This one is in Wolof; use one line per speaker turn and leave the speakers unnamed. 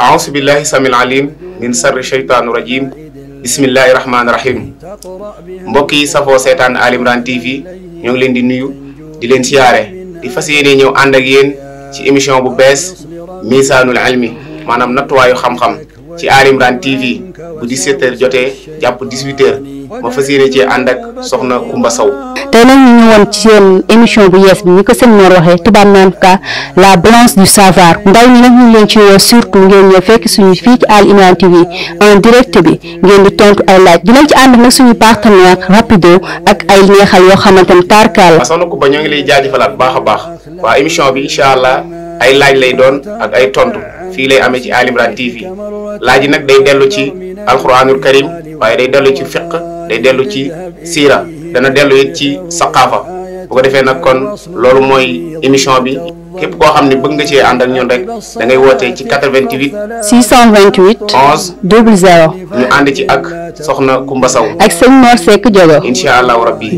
أعوذ بالله السميع العليم من شر الشيطان الرجيم bismillaahi rahmaani rahim mbokk yi safoo seetaan Ali Imran TV ñoo ngi leen di nuyu di leen siyaare di fas yéene ñëw ànd ak yéen ci émission bu bees misaanul ilmi maanaam nattuwaayu xam-xam ci Ali Imran TV bu 17 jotee jàpp 18 ma fas yéene cee ànd ak soxna Kumba Sow.
tey nag ñu ñëwoon ci seen émission bu yees bi ni ko seen noor waxee tubaab naan ka la balance du savoir ndaw ñi nag ñu ngi leen ci woo surtout ngeen ñëw fekk suñu fii ci Al Imran TV en direct bi ngeen di tontu ay laaj dinañ ci ànd nag suñu partenaire rapido ak ay neexal yoo xamante ni tarkaal. waaw
soxna Kumba ñoo ngi lay jaajëfalaat baax a baax waa émission bi incha allah ay laaj lay doon ak ay tontu fii lay amee ci Al Imran TV laaj yi ci alquranul day dellu ci siira dana dellu it ci saqaafa bu ko defee nag kon loolu mooy émission bi képp koo xam ne bëgg nga cee ànd ak ñun rek da ngay wootee ci 88.
628. 11. 00.
ñu ànd ci ak soxna Kumba Sow. ak
sëñ Mor Seck Diogo.
incha